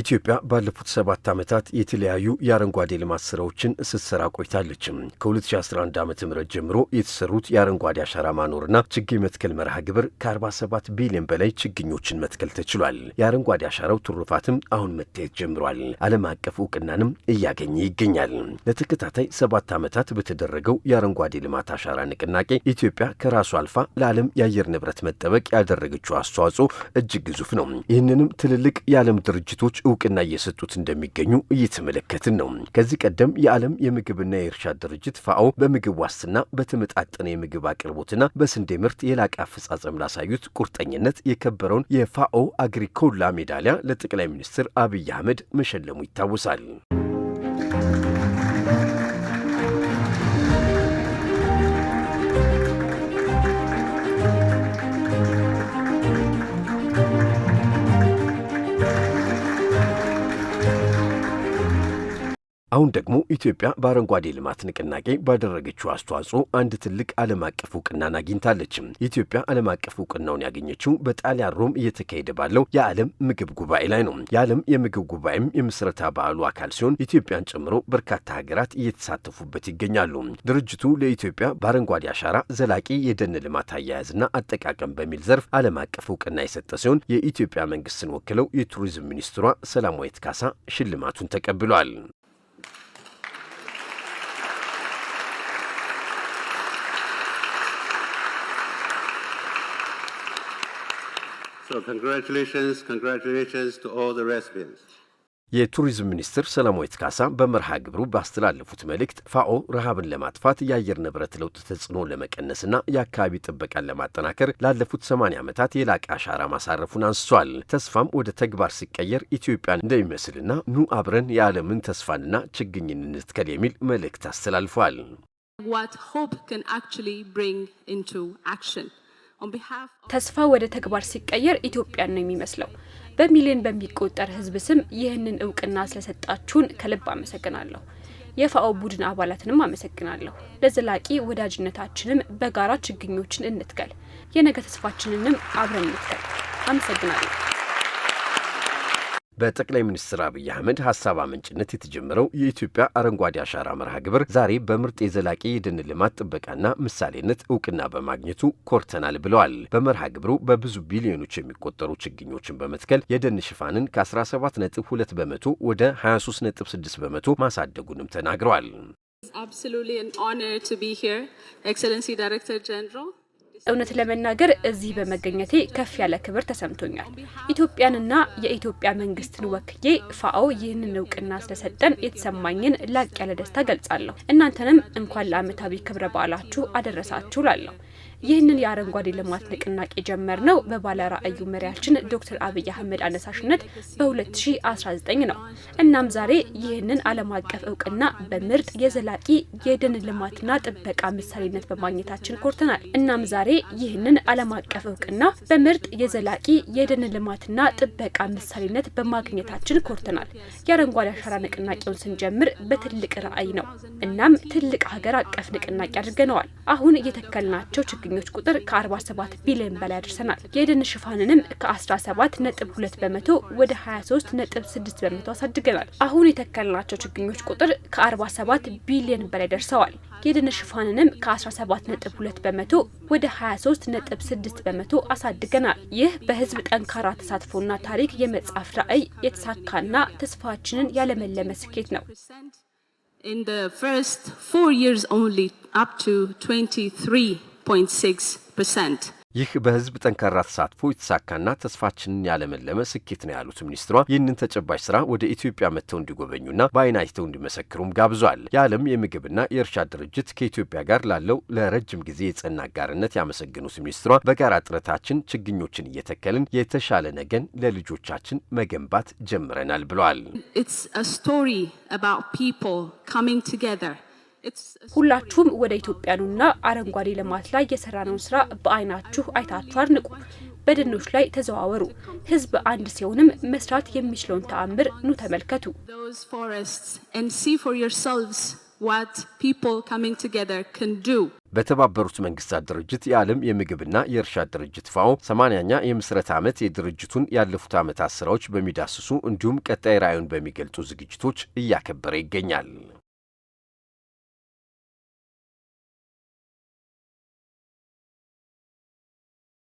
ኢትዮጵያ ባለፉት ሰባት ዓመታት የተለያዩ የአረንጓዴ ልማት ስራዎችን ስትሰራ ቆይታለች። ከ2011 ዓ ም ጀምሮ የተሰሩት የአረንጓዴ አሻራ ማኖርና ችግኝ መትከል መርሃ ግብር ከ47 ቢሊዮን በላይ ችግኞችን መትከል ተችሏል። የአረንጓዴ አሻራው ትሩፋትም አሁን መታየት ጀምሯል። ዓለም አቀፍ እውቅናንም እያገኘ ይገኛል። ለተከታታይ ሰባት ዓመታት በተደረገው የአረንጓዴ ልማት አሻራ ንቅናቄ ኢትዮጵያ ከራሱ አልፋ ለዓለም የአየር ንብረት መጠበቅ ያደረገችው አስተዋጽኦ እጅግ ግዙፍ ነው። ይህንንም ትልልቅ የዓለም ድርጅቶች እውቅና እየሰጡት እንደሚገኙ እየተመለከትን ነው። ከዚህ ቀደም የዓለም የምግብና የእርሻ ድርጅት ፋኦ በምግብ ዋስትና፣ በተመጣጠነ የምግብ አቅርቦትና በስንዴ ምርት የላቀ አፈጻጸም ላሳዩት ቁርጠኝነት የከበረውን የፋኦ አግሪኮላ ሜዳሊያ ለጠቅላይ ሚኒስትር አብይ አህመድ መሸለሙ ይታወሳል። አሁን ደግሞ ኢትዮጵያ በአረንጓዴ ልማት ንቅናቄ ባደረገችው አስተዋጽኦ አንድ ትልቅ ዓለም አቀፍ እውቅናን አግኝታለች። ኢትዮጵያ ዓለም አቀፍ እውቅናውን ያገኘችው በጣሊያን ሮም እየተካሄደ ባለው የዓለም ምግብ ጉባኤ ላይ ነው። የዓለም የምግብ ጉባኤም የምስረታ በዓሉ አካል ሲሆን ኢትዮጵያን ጨምሮ በርካታ ሀገራት እየተሳተፉበት ይገኛሉ። ድርጅቱ ለኢትዮጵያ በአረንጓዴ አሻራ ዘላቂ የደን ልማት አያያዝና አጠቃቀም በሚል ዘርፍ ዓለም አቀፍ እውቅና የሰጠ ሲሆን የኢትዮጵያ መንግስትን ወክለው የቱሪዝም ሚኒስትሯ ሰላማዊት ካሳ ሽልማቱን ተቀብሏል። So congratulations, congratulations to all the recipients. የቱሪዝም ሚኒስትር ሰለሞን ካሳ በመርሃ ግብሩ ባስተላለፉት መልእክት ፋኦ ረሃብን ለማጥፋት የአየር ንብረት ለውጥ ተጽዕኖ ለመቀነስና የአካባቢ ጥበቃን ለማጠናከር ላለፉት 80 ዓመታት የላቀ አሻራ ማሳረፉን አንስቷል። ተስፋም ወደ ተግባር ሲቀየር ኢትዮጵያን እንደሚመስልና ኑ አብረን የዓለምን ተስፋንና ችግኝን እንትከል የሚል መልእክት አስተላልፏል። What hope can actually bring into action. ተስፋ ወደ ተግባር ሲቀየር ኢትዮጵያን ነው የሚመስለው። በሚሊዮን በሚቆጠር ህዝብ ስም ይህንን እውቅና ስለሰጣችሁን ከልብ አመሰግናለሁ። የፋኦ ቡድን አባላትንም አመሰግናለሁ። ለዘላቂ ወዳጅነታችንም በጋራ ችግኞችን እንትከል፣ የነገ ተስፋችንንም አብረን እንትከል። አመሰግናለሁ። በጠቅላይ ሚኒስትር አብይ አህመድ ሀሳብ አመንጭነት የተጀመረው የኢትዮጵያ አረንጓዴ አሻራ መርሃ ግብር ዛሬ በምርጥ የዘላቂ የደን ልማት ጥበቃና ምሳሌነት እውቅና በማግኘቱ ኮርተናል ብለዋል። በመርሃ ግብሩ በብዙ ቢሊዮኖች የሚቆጠሩ ችግኞችን በመትከል የደን ሽፋንን ከ 17 2 በመቶ ወደ 23.6 በመቶ ማሳደጉንም ተናግረዋል። እውነት ለመናገር እዚህ በመገኘቴ ከፍ ያለ ክብር ተሰምቶኛል። ኢትዮጵያንና የኢትዮጵያ መንግስትን ወክዬ ፋኦ ይህንን እውቅና ስለሰጠን የተሰማኝን ላቅ ያለ ደስታ ገልጻለሁ። እናንተንም እንኳን ለዓመታዊ ክብረ በዓላችሁ አደረሳችሁ ላለሁ ይህንን የአረንጓዴ ልማት ንቅናቄ ጀመር ነው በባለ ራዕዩ መሪያችን ዶክተር አብይ አህመድ አነሳሽነት በ2019 ነው። እናም ዛሬ ይህንን ዓለም አቀፍ እውቅና በምርጥ የዘላቂ የደን ልማትና ጥበቃ ምሳሌነት በማግኘታችን ኮርተናል። እናም ዛሬ ዛሬ ይህንን ዓለም አቀፍ እውቅና በምርጥ የዘላቂ የደን ልማትና ጥበቃ ምሳሌነት በማግኘታችን ኮርተናል። የአረንጓዴ አሻራ ንቅናቄውን ስንጀምር በትልቅ ራዕይ ነው። እናም ትልቅ ሀገር አቀፍ ንቅናቄ አድርገነዋል። አሁን የተከልናቸው ችግኞች ቁጥር ከ47 ቢሊዮን በላይ አድርሰናል። የደን ሽፋንንም ከ17 ነጥብ 2 በመቶ ወደ 23 ነጥብ 6 በመቶ አሳድገናል። አሁን የተከልናቸው ችግኞች ቁጥር ከ47 ቢሊዮን በላይ ደርሰዋል። የደን ሽፋንንም ከ17.2 በመቶ ወደ 23.6 በመቶ አሳድገናል። ይህ በህዝብ ጠንካራ ተሳትፎና ታሪክ የመጻፍ ራዕይ የተሳካና ተስፋችንን ያለመለመ ስኬት ነው። In ይህ በህዝብ ጠንካራ ተሳትፎ የተሳካና ተስፋችንን ያለመለመ ስኬት ነው ያሉት ሚኒስትሯ ይህንን ተጨባጭ ስራ ወደ ኢትዮጵያ መጥተው እንዲጎበኙና በአይን አይተው እንዲመሰክሩም ጋብዟል። የዓለም የምግብና የእርሻ ድርጅት ከኢትዮጵያ ጋር ላለው ለረጅም ጊዜ የጸና አጋርነት ያመሰግኑት ሚኒስትሯ በጋራ ጥረታችን ችግኞችን እየተከልን የተሻለ ነገን ለልጆቻችን መገንባት ጀምረናል ብለዋል። ሁላችሁም ወደ ኢትዮጵያ ኑና አረንጓዴ ልማት ላይ የሰራነውን ስራ በአይናችሁ አይታችሁ አድንቁ። በደኖች ላይ ተዘዋወሩ። ህዝብ አንድ ሲሆንም መስራት የሚችለውን ተአምር ኑ ተመልከቱ። በተባበሩት መንግስታት ድርጅት የዓለም የምግብና የእርሻ ድርጅት ፋኦ ሰማንያኛ የምስረት ዓመት የድርጅቱን ያለፉት ዓመታት ስራዎች በሚዳስሱ እንዲሁም ቀጣይ ራዕዩን በሚገልጹ ዝግጅቶች እያከበረ ይገኛል።